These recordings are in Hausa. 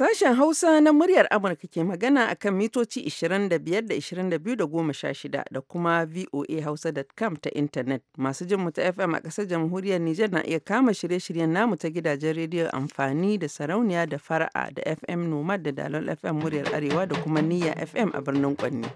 Sashen Hausa na muryar Amurka ke magana a kan mitoci 25 da 22 da 16 da kuma voahausa.com ta intanet. Masu jin mu ta FM a ƙasar jamhuriyar Nijar na iya kama shirye-shiryen namu ta gidajen rediyo amfani da sarauniya da fara'a da FM Nomad da Dalol FM muryar Arewa da kuma Niyya FM a birnin kwanne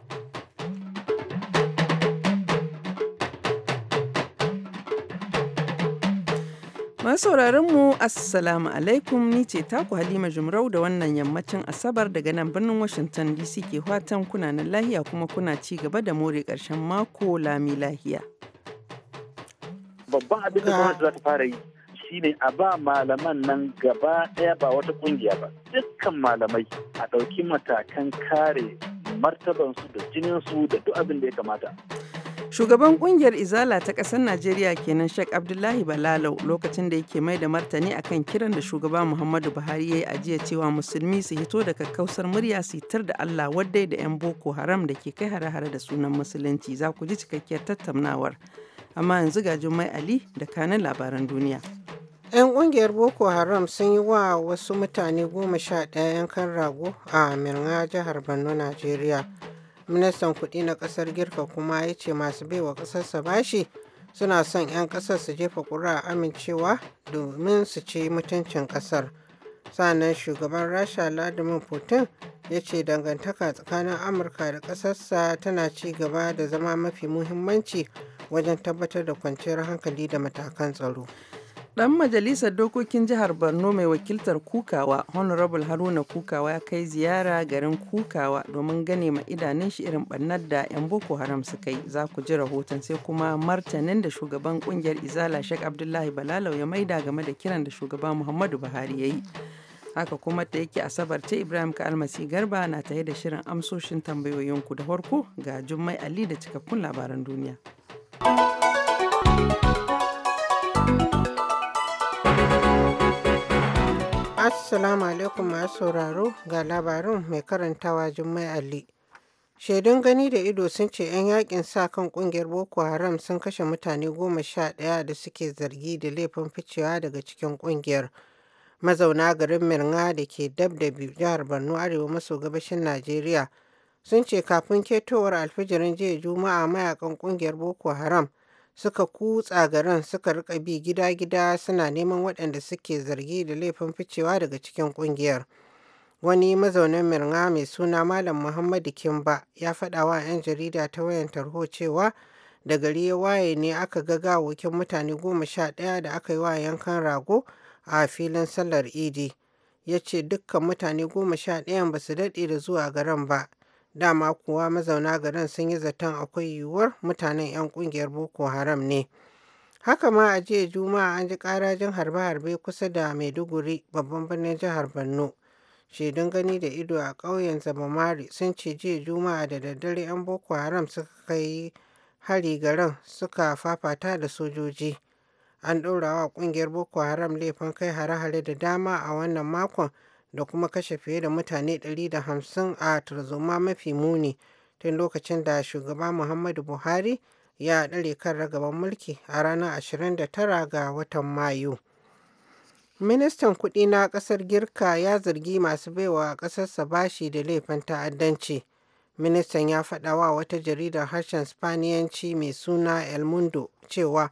sauraron mu assalamu alaikum ni ce taku halima jumrau da wannan yammacin asabar daga nan birnin washington dc ke watan kuna na lahiya kuma kuna ci gaba da more karshen mako lami lahiya babban abin da gwamnati za ta fara yi shine a ba malaman nan gaba ɗaya ba wata kungiya ba dukkan malamai a ɗauki matakan kare martabansu da jininsu da duk abin da ya kamata Shugaban kungiyar Izala ta ƙasar Najeriya kenan Sheikh Abdullahi Balalau lokacin da yake mai da martani akan kiran da shugaba Muhammadu Buhari ya yi a cewa musulmi su hito da kakkausar murya su tar da Allah waddai da 'yan Boko Haram da ke kai hare-hare da sunan musulunci za ku ji cikakkiyar tattaunawar. Amma yanzu ga Jummai Ali da kanin labaran duniya. 'Yan kungiyar Boko Haram sun yi wa wasu mutane goma sha ɗaya yankan rago a Mirna jihar Borno, Najeriya. ministan kuɗi na ƙasar girka kuma ya ce masu baiwa ƙasarsa bashi suna son 'yan ƙasar su jefa ƙuri'a amincewa domin su ce mutuncin ƙasar sannan shugaban rasha ladimin putin ya ce dangantaka tsakanin amurka da ƙasarsa tana ci gaba da zama mafi muhimmanci wajen tabbatar da kwanciyar hankali da matakan tsaro ɗan majalisar dokokin jihar Borno mai wakiltar Kukawa, Honorable Haruna Kukawa ya kai ziyara garin Kukawa domin gane ma idanun shi irin ɓannar da 'yan Boko Haram su kai Za ku ji rahoton sai kuma martanin da shugaban kungiyar Izala Sheikh Abdullahi Balalau ya maida game da kiran da shugaban Muhammadu Buhari ya yi. Haka kuma ta yake Asabar ce Ibrahim ka Garba na tare da shirin amsoshin tambayoyinku da farko ga Jummai Ali da cikakkun labaran duniya. Assalamu alaikum masu sauraro ga labarin mai karantawa Jummai Ali. Shaidun gani da ido sun ce 'yan yakin sa kan kungiyar Boko Haram sun kashe mutane goma sha ɗaya da suke zargi da laifin ficewa daga cikin kungiyar. Mazauna garin Mirna da ke dab da jihar Borno Arewa maso gabashin Najeriya sun ce kafin ketowar alfijirin jiya Juma'a mayakan kungiyar Boko Haram suka kutsa garin suka rika bi gida-gida suna neman waɗanda suke zargi da laifin ficewa daga cikin ƙungiyar. Wani mazaunin Mirna mai suna Malam Muhammadu Kimba ya faɗa wa 'yan jarida ta wayan tarho cewa da gari ya waye ne aka ga gawokin mutane goma sha ɗaya da aka yi wa yankan rago a filin sallar idi. Ya ce dukkan mutane goma sha ɗayan ba su daɗe da zuwa garin ba. dama kuwa mazauna garin sun yi zaton akwai yiwuwar mutanen 'yan kungiyar boko haram ne haka ma a jiya juma'a an ji karajin harbe-harbe kusa da maiduguri babban birnin jihar borno shaidun gani da ido a ƙauyen zamamari sun ce jiya juma'a da daddare 'yan boko haram suka kai hari garin suka fafata da sojoji an ɗora wa ƙungiyar boko haram laifin kai hare-hare da dama a wannan makon da kuma kashe fiye da mutane 150 a tarzoma mafi muni tun lokacin da shugaba muhammadu buhari ya ɗare kan ragaban mulki a ranar 29 ga watan mayu ministan kuɗi na ƙasar girka ya zargi masu baiwa ƙasarsa bashi da laifin ta'addanci ministan ya faɗa wa wata jaridar harshen spaniyanci mai suna el mundo cewa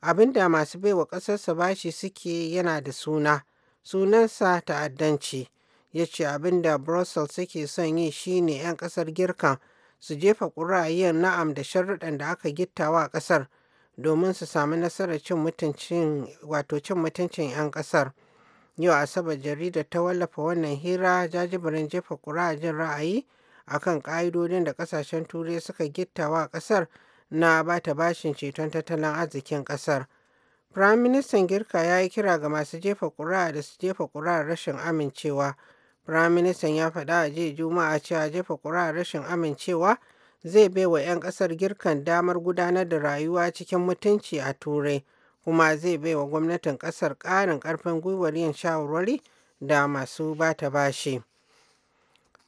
abinda masu baiwa ƙasarsa bashi suke yana da suna sunansa ta'addanci ya ce abin da brussels suke son yi shine 'yan kasar girka su jefa ƙuri'ayen na'am da sharuɗan da aka gittawa a ƙasar domin su sami nasarar cin mutuncin 'yan ƙasar yau asabar jaridar ta wallafa wannan hira jajibirin jefa ƙuri'ajin ra'ayi akan ƙa'idodin da ƙasashen turai suka gittawa a ƙasar na bata bashin ceton tattalin arzikin ƙasar. Firaministan Girka ya yi kira ga masu jefa ƙuri'a da su jefa ƙuri'ar rashin amincewa. Firaministan ya faɗa a jiya Juma'a cewa jefa ƙuri'ar rashin amincewa zai bai wa 'yan ƙasar Girkan damar gudanar da rayuwa cikin mutunci a Turai, kuma zai bai wa gwamnatin ƙasar ƙarin ƙarfin gwiwar yin shawarwari da masu bata bashi.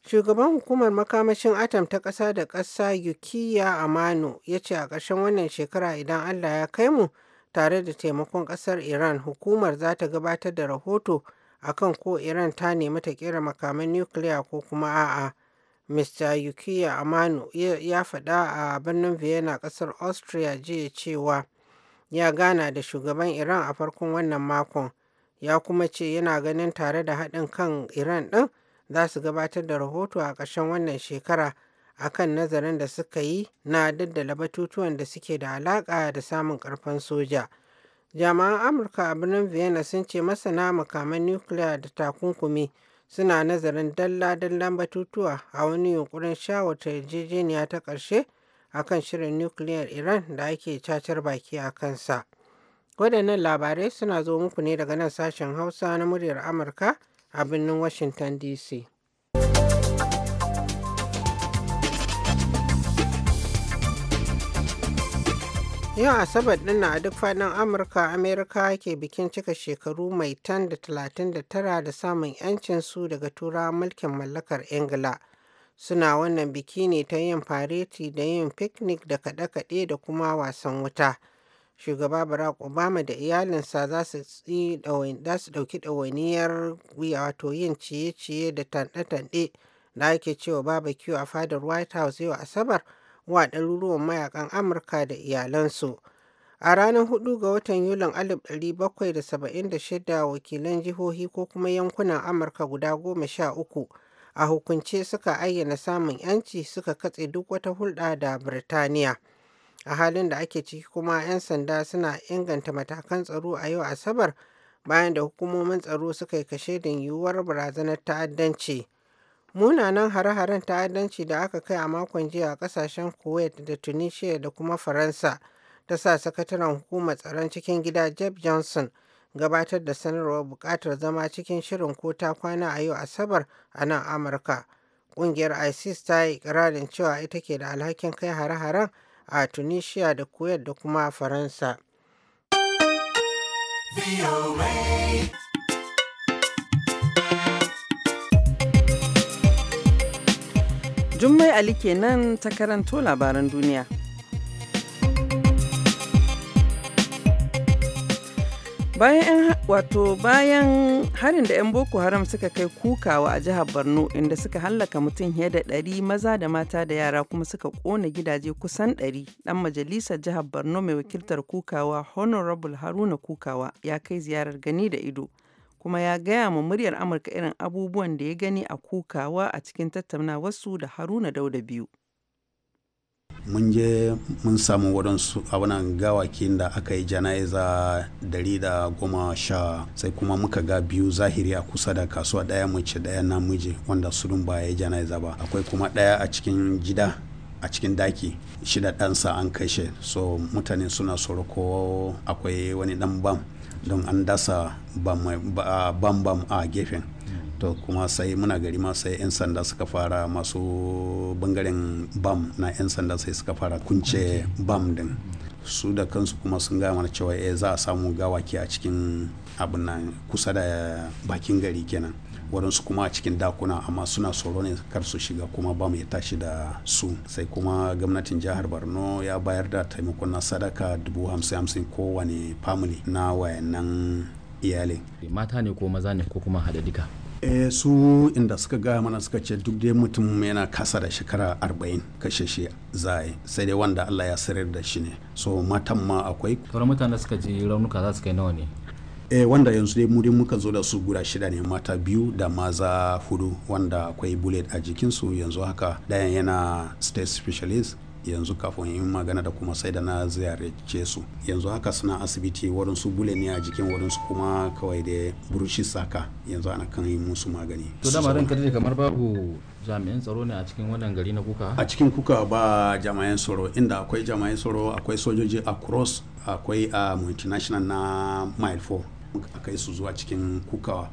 Shugaban hukumar makamashin Atam ta ƙasa da ƙasa Yukiya Amano ya ce a ƙarshen wannan shekara idan Allah ya kai mu tare da taimakon ƙasar Iran hukumar za ta gabatar da rahoto akan ko Iran ta nemi ta kera makaman nukiliya ko kuma a'a. Mr. Yukiya amanu ya faɗa a birnin Vienna ƙasar Austria jiya cewa ya gana da shugaban Iran a farkon wannan makon ya kuma ce yana ganin tare da haɗin kan Iran ɗin za su gabatar da rahoto a ƙarshen wannan shekara akan nazarin da suka yi na daddala batutuwan da suke da alaƙa da samun ƙarfin soja. Jama'an Amurka a birnin Vienna sun ce masana makaman nukiliya da takunkumi suna nazarin dalla-dallan batutuwa a wani yunkurin shawarta yarjejeniya ta ƙarshe akan shirin nukiliyar Iran da ake cacar baki a kansa. Waɗannan labarai suna zo muku ne daga nan sashen Hausa na muryar Amurka a birnin Washington DC. Yau Asabar ɗin na a duk faɗin Amurka, Amerika ke bikin cika shekaru mai tan da talatin da tara da samun 'yancinsu daga tura mulkin mallakar Ingila. Suna wannan biki ne ta yin fareti da yin picnic da kaɗe-kaɗe da kuma wasan wuta. Shugaba Barack Obama da iyalinsa za su ɗauki ɗawainiyar wato yin ciye-ciye da tanɗe-tanɗe da ake cewa babu barbecue a fadar White House yau Asabar. wa ɗaruruwan mayakan Amurka da iyalansu. A ranar 4 ga watan Yulin 1776 wakilan jihohi ko kuma yankunan Amurka guda goma sha uku a hukunce suka ayyana samun 'yanci suka katse duk wata hulɗa da Birtaniya. A halin da ake ciki kuma 'yan sanda suna inganta matakan tsaro a yau Asabar bayan da hukumomin tsaro suka yi kashe da yiwuwar barazanar ta'addanci. Munanan hare-haren ta'addanci da aka kai a makon jiya a kasashen Kuwait da Tunisia da kuma Faransa ta sa sakataren hukumar tsaron cikin gida Jeb Johnson gabatar da sanarwar buƙatar zama cikin shirin ko ta kwana a yau Asabar a nan Amurka. Ƙungiyar ISIS ta yi ikirarin cewa ita ke da alhakin kai hare-haren a Tunisia da Kuwait da kuma Faransa. Jummai Ali kenan ta karanto labaran duniya. bayan wato bayan harin da 'yan boko haram suka kai kukawa a jihar borno inda suka hallaka mutum fiye da 100 maza da mata da yara kuma suka kona gidaje kusan 100 ɗan majalisar jihar borno mai wakiltar kukawa honorable haruna kukawa ya kai ziyarar gani da ido kuma ya gaya ma muryar Amurka irin abubuwan da ya gani a kukawa a cikin tattaunawarsu da Haruna da biyu. mun je mun samu waɗansu abunan gawakin da aka yi jana'iza dari da goma sha sai kuma muka ga biyu zahiri a kusa da kasuwa ɗaya mace ɗaya namiji wanda sudun ba ya yi jana'iza ba akwai kuma ɗaya a cikin gida a cikin daki shida ɗansa an kashe so mutane suna tsoro ko akwai wani ɗan bam don an dasa bambam a gefen to kuma sai muna gari ma sai 'yan sanda suka fara masu bangaren bam na 'yan sanda sai suka fara kunce bam din su da kansu kuma sun gaya mana cewa eh, za a samu gawaki a cikin abin nan kusa da bakin gari kenan waɗansu kuma a cikin dakuna amma suna tsoro ne kar su shiga kuma ba mu ya tashi da su sai kuma gwamnatin jihar borno ya bayar da taimakon na sadaka dubu hamsin hamsin kowane family na wayannan iyalin mata ne ko maza ne ko kuma hada duka eh su inda suka gaya mana suka ce duk dai mutum yana kasa da shekara arba'in kashe shi zai sai dai wanda allah ya sarar da shi ne so matan ma akwai sauran mutane suka ji raunuka za su kai nawa ne e wanda yanzu dai mu dai muka zo da su guda shida ne mata biyu da maza hudu wanda akwai bullet a jikinsu yanzu haka dayan yana state specialist yanzu kafin yin magana da kuma sai da na ziyarce su yanzu haka suna asibiti wurin su bule ne a jikin wurin su kuma kawai da burushi saka yanzu ana kan yi musu magani to da marin kada kamar babu jami'an tsaro ne a cikin wannan gari na kuka a cikin kuka ba jami'an tsaro inda akwai jami'an tsaro akwai sojoji a cross akwai a ah, multinational na mile 4 a kai su zuwa cikin kukawa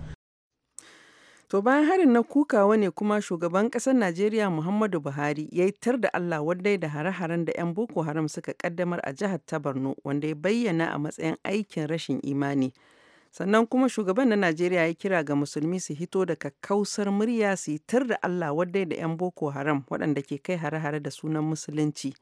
To bayan harin na kukawa ne kuma shugaban ƙasar Najeriya Muhammadu Buhari ya yi tar da Allah wadai da hare-haren da 'yan Boko Haram suka kaddamar a jihar ta Borno wanda ya bayyana a matsayin aikin rashin imani. Sannan kuma shugaban na Najeriya ya kira ga musulmi su hito daga kausar murya su yi tar da Allah wadai da 'yan Boko Haram waɗanda ke kai hare-hare da sunan musulunci.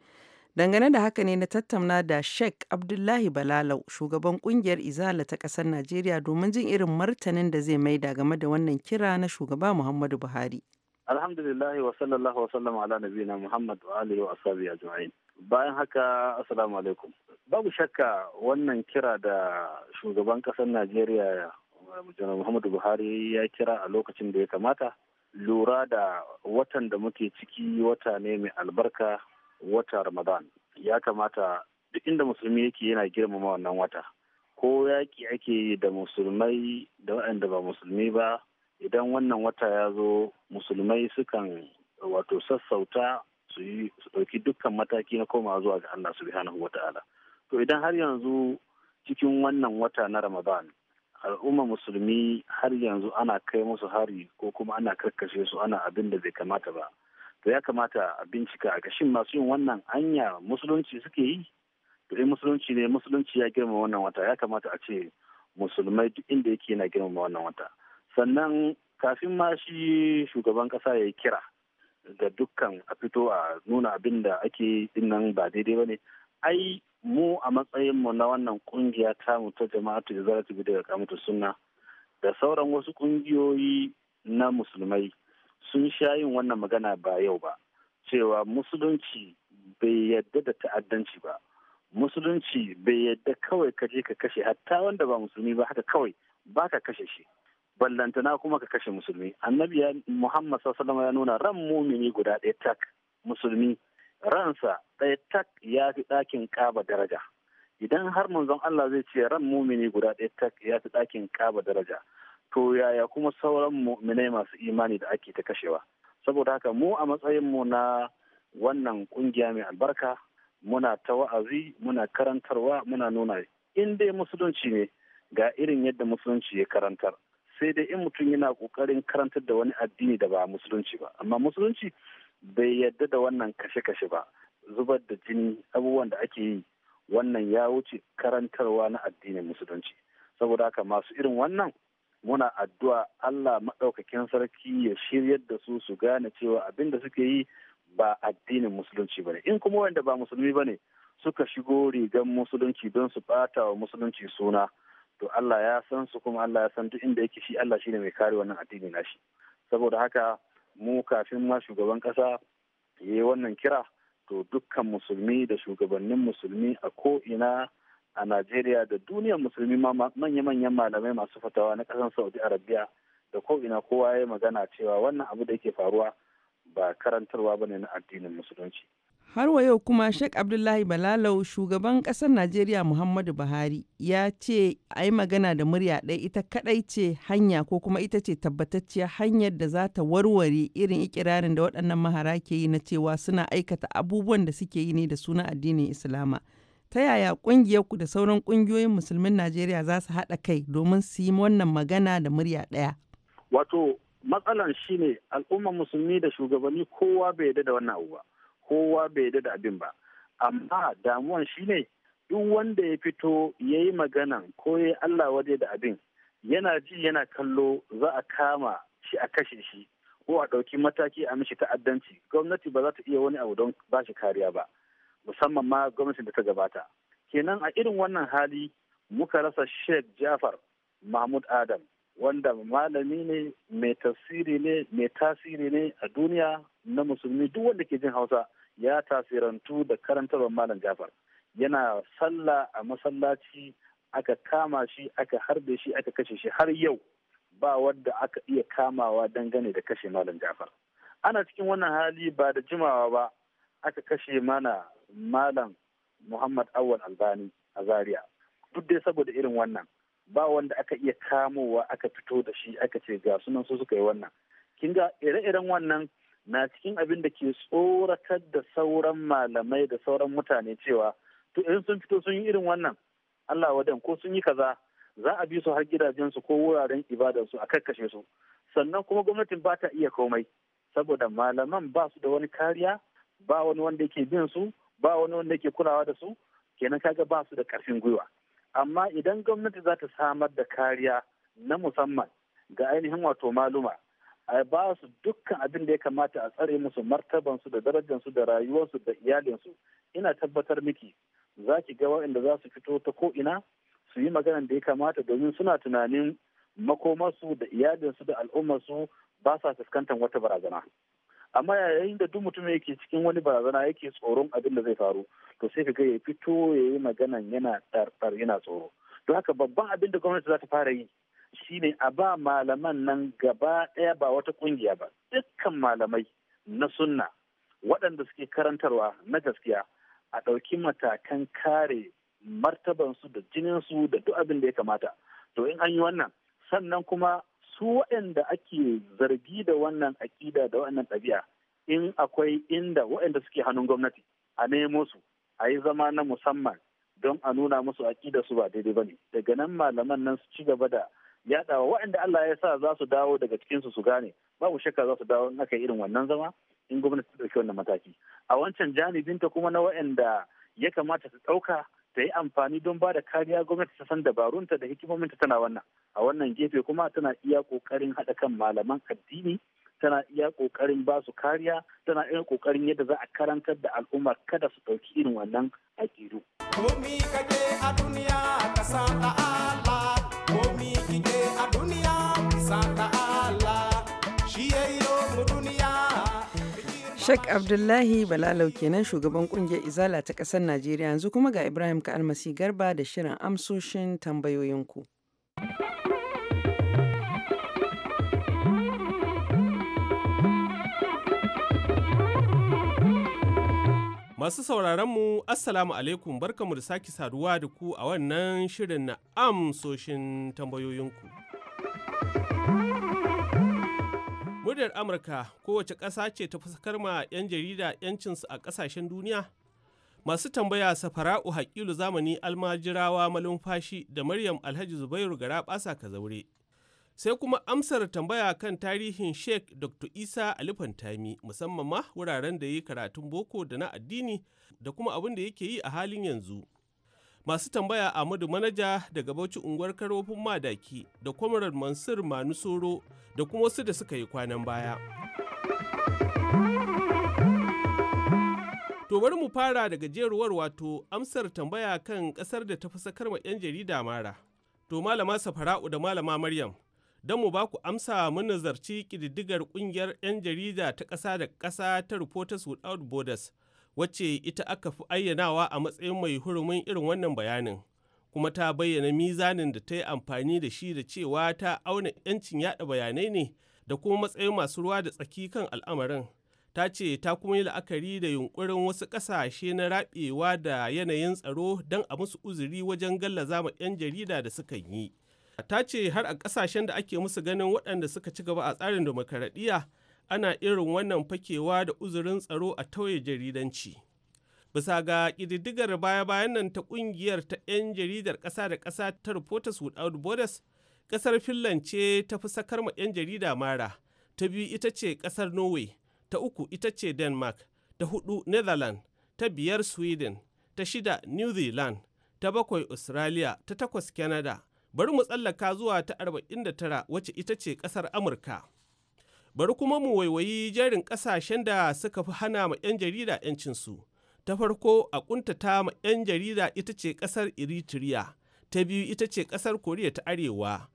Dangane da haka ne na tattauna da Sheikh Abdullahi Balalau, shugaban kungiyar Izala ta ƙasar Najeriya domin jin irin martanin da zai mai da game da wannan kira na shugaba Muhammadu Buhari. Alhamdulillah wa sallallahu wa sallam ala nabiyina Muhammad wa alihi wa ashabihi ajma'in. Bayan haka assalamu alaikum. Babu shakka wannan kira da shugaban ƙasar Najeriya Muhammadu Buhari ya kira a lokacin da ya kamata lura da watan da muke ciki wata ne mai albarka wata ramadan ya kamata duk inda musulmi yake yana girmama wannan wata ko yaƙi ake yi da musulmai da waɗanda ba musulmi ba idan wannan wata ya zo musulmai sukan wato sassauta su ɗauki dukkan mataki na koma zuwa ga Allah subhanahu wa ta'ala to idan har yanzu cikin wannan wata na ramadan al'umma musulmi har yanzu ana kai musu hari ko kuma ana karkashe su ana abin da bai kamata ba to ya kamata a bincika a shin masu yin wannan hanya musulunci suke yi to in eh, musulunci ne musulunci ya girma wannan wata ya kamata a ce musulmai duk inda yake yana girmama wannan wata sannan kafin ma shi shugaban kasa ya yi kira ga dukkan a fito a nuna abin da ake dinnan ba daidai ba ne ai mu a matsayin mu na wannan kungiya mutu ta jama'atu da za ta bi daga kamata sunna da sauran wasu kungiyoyi na musulmai sun sha yin wannan magana ba yau ba cewa musulunci bai yadda da ta'addanci ba musulunci bai yadda kawai ka je ka kashe hatta wanda ba musulmi ba haka kawai ba ka kashe shi ballantana kuma ka kashe musulmi annabi muhammad sallallahu ya nuna ran mumini guda ɗaya tak musulmi ransa ɗaya tak ya fi ɗakin kaba daraja idan har manzon Allah zai ce ran mumini guda ɗaya tak ya fi ɗakin kaba daraja to yaya kuma sauran mu'minai masu imani da ake ta kashewa saboda haka mu a matsayinmu na wannan kungiya mai albarka muna ta wa'azi muna karantarwa muna nuna in dai musulunci ne ga irin yadda musulunci ya karantar sai dai in mutum yana kokarin karantar da wani addini da ba musulunci ba amma musulunci bai yadda da wannan kashe-kashe ba zubar da jini abubuwan da ake yi wannan ya wuce karantarwa na addinin musulunci saboda haka masu irin wannan muna addu'a Allah maɗaukakin sarki ya shiryar da su su gane cewa abin da suke yi ba addinin musulunci ba ne in kuma wanda ba musulmi ba ne suka shigo rigar musulunci don su ɓata wa musulunci suna to Allah ya san su kuma Allah ya san duk inda yake shi Allah shi ne mai kare wannan addini nashi saboda haka mu kafin ma shugaban ƙasa ya yi wannan kira to dukkan musulmi da shugabannin musulmi a ko ina a najeriya da duniyar musulmi ma manya-manyan malamai masu fatawa na ƙasar saudi arabia da ko'ina kowa ya yi magana cewa wannan abu da yake faruwa ba karantarwa ba ne na addinin musulunci har wa yau kuma sheikh abdullahi balalau shugaban ƙasar najeriya muhammadu buhari ya ce a yi magana da murya ɗaya ita kaɗai ce hanya ko kuma ita ce tabbatacciyar hanyar da za ta warware irin ikirarin da waɗannan mahara ke yi na cewa suna aikata abubuwan da suke yi ne da suna addinin islama ta yaya ƙungiyarku da sauran ƙungiyoyin musulmin najeriya za su haɗa kai domin su yi wannan magana da murya ɗaya wato matsalan shine al'ummar musulmi da shugabanni kowa bai yarda da wannan abu ba kowa bai yarda da abin ba amma damuwan shine duk wanda ya fito ya yi maganan ko ya allah waje da abin yana ji yana kallo za a kama shi a kashe shi ko a ɗauki mataki a mishi ta'addanci gwamnati ba za ta iya wani abu don ba shi kariya ba musamman ma gwamnatin da ta gabata kenan a irin wannan hali muka rasa sheikh jafar mahmud adam wanda malami ne mai tasiri ne mai tasiri ne a duniya na musulmi duk wanda ke jin hausa ya tasirantu da karantarwar malam jafar yana sallah a masallaci aka kama shi aka harbe shi aka kashe shi har yau ba wadda aka iya kamawa dangane da kashe malam jafar ana cikin wannan hali ba da jimawa ba aka kashe mana malam muhammad awal albani a zaria duk dai saboda irin wannan ba wanda aka iya kamowa aka fito da shi aka ce ga sunan su suka yi wannan kin ga ire-iren wannan na cikin abin da ke tsoratar da sauran malamai da sauran mutane cewa to in sun fito sun yi irin wannan Allah wadan ko sun yi kaza za a bi su har gidajen su ko wuraren ibadar su a karkashe su sannan kuma gwamnatin ba ta iya komai saboda malaman ba su da wani kariya ba wani wanda yake bin su ba wani wanda ke kulawa da su kenan kaga ba su da karfin gwiwa amma idan gwamnati za ta samar da kariya na musamman ga ainihin wato maluma a ba su dukkan abin da ya kamata a tsare musu martabansu da darajansu da rayuwarsu da iyalinsu ina tabbatar miki za ki ga waɗanda za su fito ta ko'ina su yi maganan da ya kamata domin suna tunanin makomarsu da iyalinsu da al'ummarsu ba sa fuskantar wata barazana. amma yayin da duk mutum yake cikin wani barazana yake tsoron abin da zai faru to sai ka ya fito ya yi maganan yana tsartsar yana tsoro to haka babban abin da gwamnati za ta fara yi shine a ba malaman nan gaba ɗaya ba wata kungiya ba dukkan malamai na sunna waɗanda suke karantarwa na gaskiya a ɗauki matakan kare martabansu da jininsu da duk abin da ya kamata to in an yi wannan sannan kuma su waɗanda ake zargi da wannan aƙida da wannan ɗabi'a in akwai inda waɗanda suke hannun gwamnati a nemo su a yi zama na musamman don a nuna musu aƙida su ba daidai ba ne daga nan malaman nan su ci gaba da yaɗawa waɗanda Allah ya sa za su dawo daga cikinsu su gane babu shakka za su dawo in aka irin wannan zama in gwamnati ta ɗauki wannan mataki a wancan janibinta kuma na waɗanda ya kamata su ɗauka ta yi amfani don ba da kariya gwamnati ta san dabarunta da hikimominta tana wannan a wannan gefe kuma tana iya kokarin haɗa kan malaman addini tana iya kokarin ba su kariya tana iya kokarin yadda za a karantar da al'umma kada su ɗauki irin wannan aƙidu. Komi kaje a duniya ka san Sheikh Abdullahi Balalau kenan shugaban kungiyar Izala ta ƙasar Najeriya yanzu kuma ga Ibrahim Ka'almasi Garba da shirin amsoshin tambayoyinku. Masu sauraronmu, Assalamu alaikum barkamu da sake saduwa da ku a wannan shirin na amsoshin tambayoyinku. Jamhuriyar Amurka kowace ƙasa ce ta fuskar ma 'yan jarida 'yancinsu a ƙasashen duniya? Masu tambaya Safara'u Hakilu, zamani almajirawa malumfashi da Maryam Alhaji Zubairu gara ɓasa ka zaure. Sai kuma amsar tambaya kan tarihin Sheikh Dr. Isa Alifantami musamman ma wuraren da ya yi karatun boko da na addini da kuma abin da yake yi a halin yanzu. masu tambaya Ahmadu Manaja daga Bauchi unguwar Karofin Madaki da Kwamarar Mansur Manusoro da kuma wasu da suka yi kwanan baya. To bari mu fara da gajeruwar wato amsar tambaya kan kasar da ta fi sakar ma 'yan jarida mara. To malama Safara'u da malama Maryam, don mu ba ku amsa mun nazarci ƙididdigar ƙungiyar 'yan jarida ta ƙasa da ƙasa ta Reporters Without Borders wacce ita aka fi ayyanawa a matsayin mai hurumin irin wannan bayanin kuma ta bayyana mizanin da ta yi amfani da shi da cewa ta auna 'yancin yada bayanai ne da kuma matsayin masu ruwa da tsaki kan al'amarin ta ce ta kuma yi la'akari da yunkurin wasu ƙasashe na raɓewa da yanayin tsaro don a musu uzuri wajen gallaza ma 'yan jarida da suka yi ta ce har a ƙasashen da ake musu ganin waɗanda suka ci gaba a tsarin demokaradiyya ana irin wannan fakewa da uzurin tsaro a tauye jaridanci. Bisa ga ƙididdigar baya-bayan nan ta ƙungiyar ta 'yan jaridar ƙasa da ƙasa ta Reporters Without Borders, ƙasar Finland ce ta fi sakar ma 'yan jarida mara, ta biyu ita ce ƙasar Norway, ta uku ita ce Denmark, ta hudu Netherlands, ta biyar Sweden, ta shida New Zealand, ta bakwai Australia, ta takwas Canada. Bari mu tsallaka zuwa ta 49 wacce ita ce ƙasar Amurka. Bari kuma mu waiwayi jerin ƙasashen da suka fi hana ma 'yan jarida 'yancinsu. Ta farko a ƙuntata ma 'yan jarida ita ce ƙasar Eritrea, ta biyu ita ce ƙasar Koriya ta Arewa,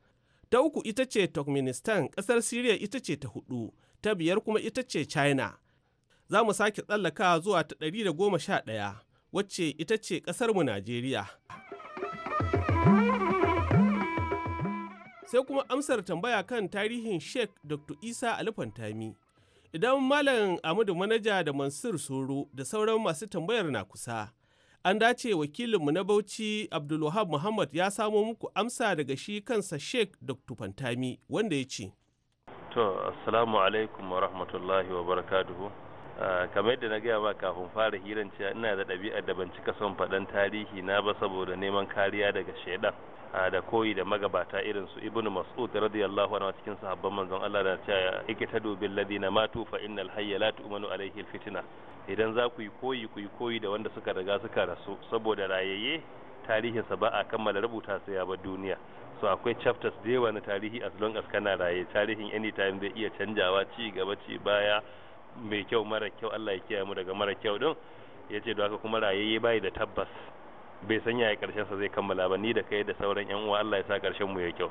ta uku ita ce Turkmenistan, ƙasar Siriya ita ce ta hudu, ta biyar kuma ita ce China. Za mu sake tsallaka zuwa ta ɗari da goma sha ɗaya, wacce ita ce ƙasarmu Najeriya. sai kuma amsar tambaya kan tarihin sheikh dr isa alifantami idan malam amadu manaja da mansur soro da sauran masu tambayar na kusa an dace wakilinmu na bauchi abdulwahab muhammad ya samo muku amsa daga shi kansa sheikh dr fantami wanda ya ce to assalamu alaikum wa rahmatullahi wa barakatuhu Eh, kamar yadda na gaya ba kafin fara hiran cewa ina da ɗabi'ar da ban cika son faɗan tarihi na ba saboda neman kariya daga shaidan eh, da koyi da magabata irin su ibnu mas'ud radiyallahu anhu cikin sahabban manzon Allah da cewa ikitadu bil ladina matu fa innal hayya la tu'minu alayhi al fitna idan za ku yi koyi ku yi koyi da wanda suka riga suka rasu saboda rayayye tarihinsa ba a kammala rubuta sai ya ba duniya so akwai chapters da yawa na tarihi as long as kana raye tarihin anytime zai iya canjawa ci gaba ci baya mai kyau mara kyau Allah ya kiyaye mu daga mara kyau din yace don haka kuma rayayye bai da tabbas bai san yaya karshen sa zai kammala ba ni da kai da sauran yan uwa Allah ya sa karshen mu ya kyau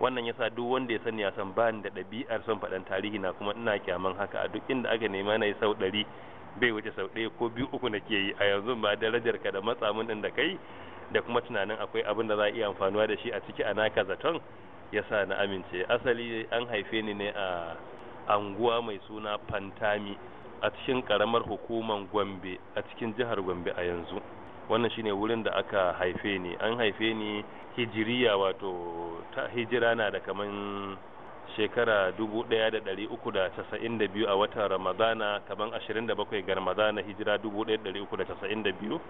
wannan yasa duk wanda ya sani ya san ba ni da dabiar son faɗan tarihi na kuma ina kyaman haka a duk inda aka nema na yi sau ɗari bai wuce sau ɗaya ko biyu uku nake yi a yanzu ba darajar ka da matsa matsamin ɗin da kai da kuma tunanin akwai abin da za a iya amfanuwa da shi a ciki a naka zaton yasa na amince asali an haife ni ne a anguwa mai suna fantami a cikin karamar hukumar gombe a cikin jihar gombe a yanzu wannan shine wurin da aka haife ni an haife ni hijiriya wato ta hijira na da kaman shekara 1392 a watan ramadana kaman 27 ga ramadana hijira 1392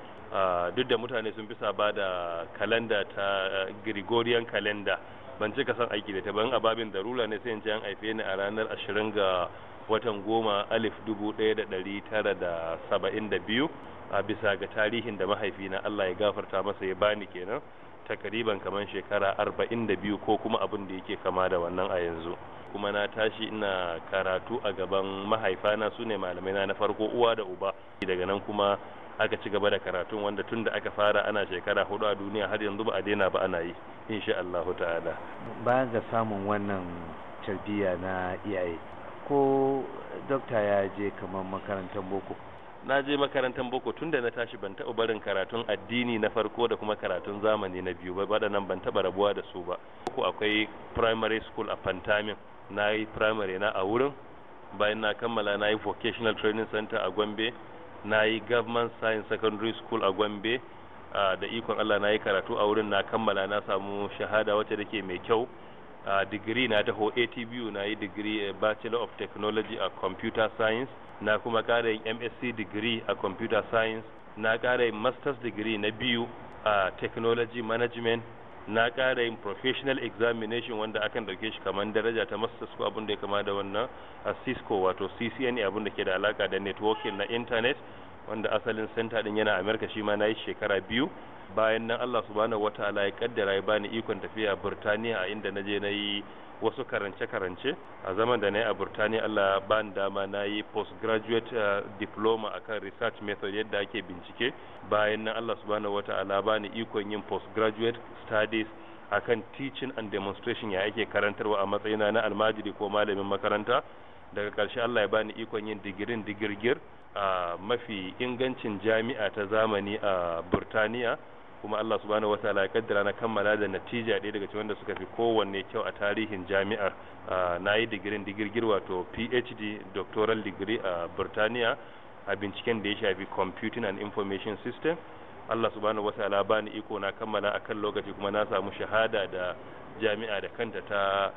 duk da mutane sun fi saba da kalanda ta eh, gregorian kalanda ban cika san aiki da ta ban ababin rula ne sai in ji an haife ni a ranar 20 ga watan goma alif 1972 a bisa ga tarihin da mahaifina allah ya gafarta masa ya bani kenan takriban kamar shekara arba'in da biyu ko kuma abin da yake kama da wannan a yanzu kuma na tashi ina karatu a gaban mahaifana su ne malamai na farko uwa da uba daga nan kuma aka ci gaba da karatun wanda tun da aka fara ana shekara hudu a duniya har yanzu ba a daina ba ana yi insha allah ta'ala bayan ga samun wannan tarbiyya na iyaye ko dokta ya je kamar makarantar boko na je makarantar boko tun da na tashi ban taɓa barin karatun addini na farko da kuma karatun zamani na biyu ba waɗannan ban taɓa rabuwa da su ba ko akwai primary school a fantamin na yi primary na a wurin bayan na kammala na yi vocational training center a gombe na yi government science secondary school a gombe ah, da ikon allah na yi karatu a wurin na kammala na samu shahada wacce da ke mai kyau ah, digiri na taho atbu na yi digiri eh, bachelor of technology a computer science na kuma ƙara yin msc degree a computer science na ƙara yin masters degree na biyu a technology management na ƙara yin professional examination wanda akan dauke shi kamar daraja ta masters ko abin da ya kama da wannan a cisco wato ccna abin da ke da alaka da networking na internet wanda asalin center din yana amerika shi ma na yi shekara biyu bayan nan allah subhanahu wataala ya kaddara ya bani ikon tafiya burtaniya a inda na je na yi wasu karance-karance a zaman da na yi a burtaniya allah ban dama na yi postgraduate uh, diploma akan research method yadda ake bincike bayan nan allah subhanahu ba bani ikon yin postgraduate studies akan teaching and demonstration ya ake karantarwa a matsayina na almajiri ko malamin makaranta daga karshe allah ya bani ikon yin digirin digirgir a mafi ingancin jami'a ta zamani a burtaniya kuma Allah subhanahu wataala ya kaddara na kammala da natija ɗaya daga cikin wanda suka fi kowanne kyau a tarihin jami'ar na yi digirin digirgir wato PhD doctoral degree a Burtaniya a binciken da ya shafi computing and information system Allah subhanahu wataala ba ni iko na kammala akan lokaci kuma na samu shahada da jami'a da kanta ta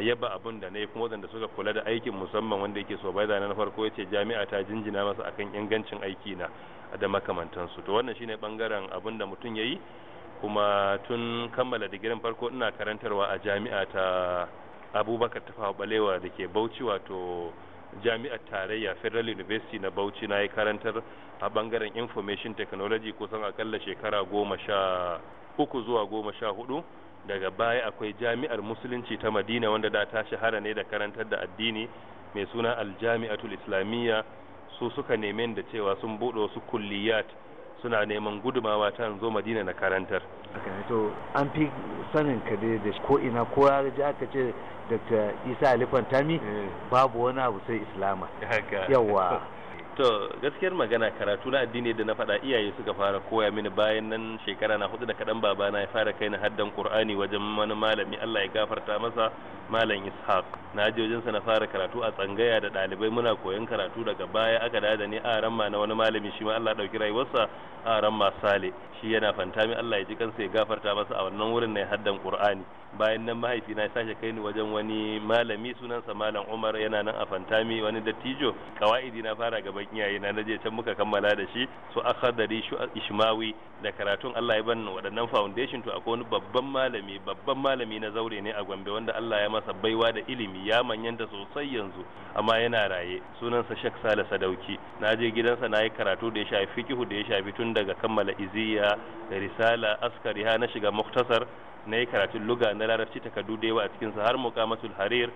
yaba abin da ne kuma wadanda suka kula da aikin musamman wanda yake so bai na farko yace jami'a ta jinjina masa akan ingancin aiki na da makamantansu to wannan shine bangaren abin da mutum yi kuma tun kammala digirin farko ina karantarwa a jami'a ta abubakar tafa balewa da ke bauchi wato jami'ar tarayya federal university na bauchi na yi karantar a bangaren information technology kusan akalla shekara goma sha uku zuwa goma sha hudu daga baya akwai jami'ar musulunci ta madina wanda da ta shahara ne da karantar da addini mai suna aljami'atul islamiyya su suka neme da cewa sun buɗe wasu kulliyat suna neman gudumawa ta zo madina na karantar to an fi sanin ka dai da ko ina ko ya ji aka ce dr isa alifan eh. babu wani abu sai islama yawa to gaskiyar magana karatu na addini da na faɗa iyaye suka fara koya mini bayan nan shekara na hudu da kaɗan babana ya fara kai ni haddan qur'ani wajen wani malami Allah ya gafarta masa malam ishaq na ji wajensa na fara karatu a tsangaya da ɗalibai muna koyon karatu daga baya aka da da ni a ramma na wani malami shi ma Allah ɗauki rayuwarsa a ramma sale shi yana fantami Allah ya ji kansa ya gafarta masa a wannan wurin ne haddan qur'ani bayan nan mahaifina ya sake kai ni wajen wani malami sunansa malam umar yana nan a fantami wani dattijo kawaidi na fara gaba yayi na naje can muka kammala da shi su akhadari ishmawi da karatun Allah ya bani waɗannan foundation to akwai wani babban malami babban malami na zaure ne a Gombe wanda Allah ya masa baiwa da ilimi ya manyanta sosai yanzu amma yana raye sunansa Sheikh Sale Sadauki na je gidansa na yi karatu da ya shafi kihu da ya shafi tun daga kammala iziya da risala askari ha na shiga muktasar na yi karatun luga na larabci takardu da yawa a cikinsa har muqamatul harir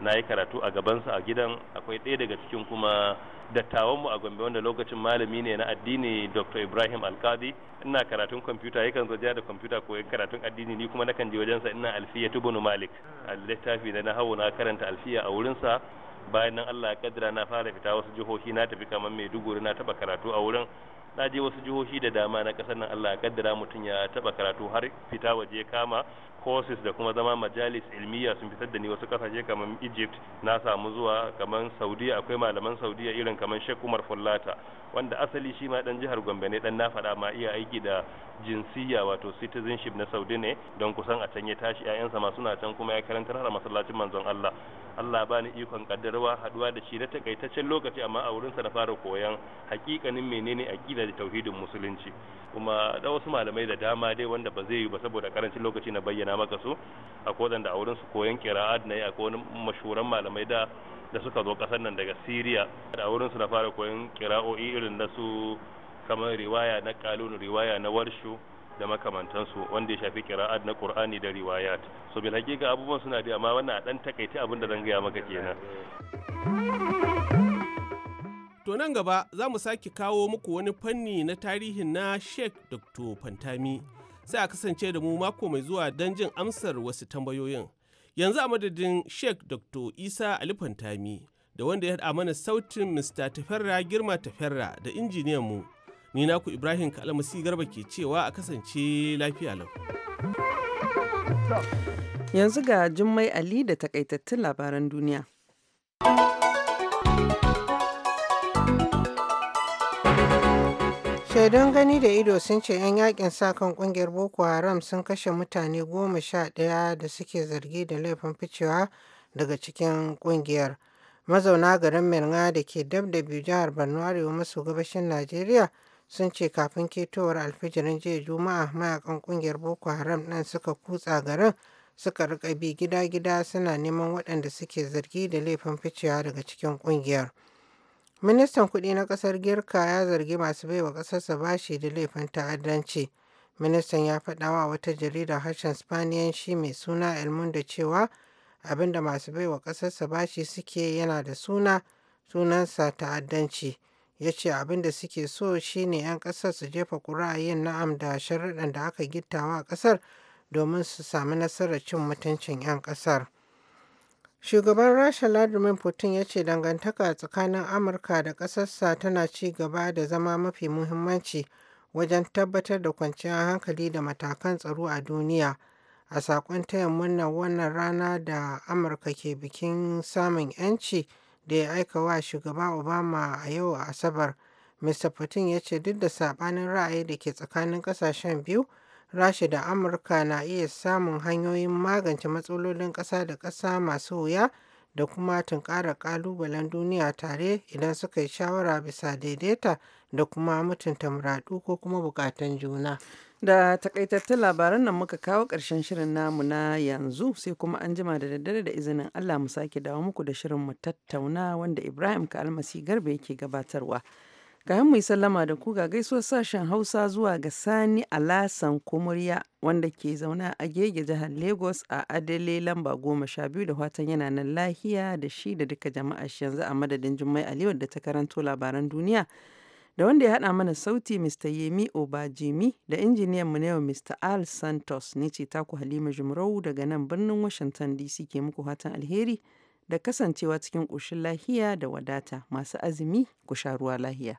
na yi karatu a gabansa a gidan akwai ɗaya daga cikin kuma mu a gombe wanda lokacin malami ne na addini dr ibrahim alkadi ina karatun kwamfuta yakan zo da kwamfuta ko karatun addini ni kuma nakan je wajensa ina alfiya tubunu malik a littafi da na hawo na karanta alfiya a wurin sa bayan nan allah ya kaddara na fara fita wasu jihohi na tafi kamar maiduguri na taba karatu a wurin na je wasu jihohi da dama na ƙasar nan Allah ya kaddara mutum ya taba karatu har fita waje kama courses da kuma zama majalis ilmiya sun fitar da ni wasu kasashe kamar Egypt na samu zuwa kamar Saudiya akwai malaman Saudiya irin kamar Sheikh Umar Fullata wanda asali shi ma dan jihar Gombe ne dan na faɗa ma iya aiki da jinsiya wato citizenship na Saudi ne don kusan a can ya tashi ƴaƴansa ma suna can kuma ya karanta har a masallacin manzon Allah Allah ba ni ikon kaddarwa haɗuwa da shi na takaitaccen lokaci amma a wurinsa na fara koyan haƙiƙanin menene aqida da tauhidin musulunci kuma da wasu malamai da dama dai wanda ba zai yi ba saboda karancin lokaci na bayyana maka su a kodan da a wurin su koyan kira'ad na yi a wani mashuran malamai da da suka zo kasar nan daga siriya da wurin su na fara koyan kira'o'i irin na su kamar riwaya na kalun riwaya na warshu da makamantansu wanda ya shafi kira'ad na kur'ani da riwayat so bil hakika abubuwan suna da amma wannan a dan takaita abin da zan gaya maka kenan To nan gaba za mu sake kawo muku wani fanni na tarihin na Sheikh Dr. Fantami. Sai a kasance da mu mako mai zuwa don jin amsar wasu tambayoyin. Yanzu a madadin Sheikh Dr. Isa Ali Fantami da wanda ya haɗa mana sautin Mr. tafarra Girma tafarra da injiniyan mu. Ni naku Ibrahim Kalmasi Garba ke cewa a kasance lafiya lau. Yanzu ga Jummai Ali da takaitattun labaran duniya. Shaidun gani da ido sun ce 'yan yakin sa kan kungiyar Boko Haram sun kashe mutane goma sha ɗaya da suke zargi da laifin ficewa daga cikin kungiyar. Mazauna garin Mirna da ke dab da biyu jihar Borno Arewa maso gabashin Najeriya sun ce kafin ketowar alfijirin jiya Juma'a mayakan kungiyar Boko Haram ɗin suka kutsa garin suka rika bi gida-gida suna neman waɗanda suke zargi da laifin ficewa daga cikin kungiyar. Ministan kuɗi na ƙasar Girka ya zargi masu baiwa ƙasarsa bashi da laifin ta'addanci. Ministan ya faɗa wa wata jaridar harshen Spaniyanci mai suna El da cewa abin da masu baiwa ƙasarsa bashi suke yana da suna sunansa ta'addanci. Ya ce abin da suke so shine 'yan ƙasar su jefa ƙuri'a yin na'am da sharaɗan da aka gittawa a ƙasar domin su sami nasarar cin mutuncin 'yan ƙasar. Shugaban Rasha Vladimir Putin ya ce dangantaka tsakanin Amurka da ƙasarsa tana ci gaba da zama mafi muhimmanci wajen tabbatar da kwanciyar hankali da matakan tsaro a duniya a sakon tayin murnar wannan rana da Amurka ke bikin samun 'yanci da ya aika wa shugaba Obama a yau Asabar. Mr. Putin ya ce duk da saɓanin ra'ayi da ke tsakanin ƙasashen biyu, Rasha da Amurka na iya samun hanyoyin magance matsalolin ƙasa da ƙasa masu wuya da kuma tunƙara ƙalubalen duniya tare idan suka yi shawara bisa daidaita da kuma mutunta muradu ko kuma bukatan juna. Da takaitattun labaran nan muka kawo ƙarshen shirin namu na yanzu sai kuma an jima da daddare da izinin Allah mu sake dawo muku da shirin mu tattauna wanda Ibrahim Kalmasi Garba yake gabatarwa. Kayan mai sallama da ku ga gaisuwar sashen Hausa zuwa ga Sani Alasan Kumurya wanda ke zauna a Gege jihar Lagos a Adele lamba goma sha biyu da watan yana nan lahiya da shi da duka jama'a shi yanzu a madadin Jummai Aliyu da ta karanto labaran duniya. Da wanda ya hada mana sauti Mr. Yemi Obajimi da injiniyan mu yau Mr. Al Santos ni ce taku Halima Jumrau daga nan birnin Washington DC ke muku hatan alheri da kasancewa cikin ƙoshin lahiya da wadata masu azumi ku sha ruwa lahiya.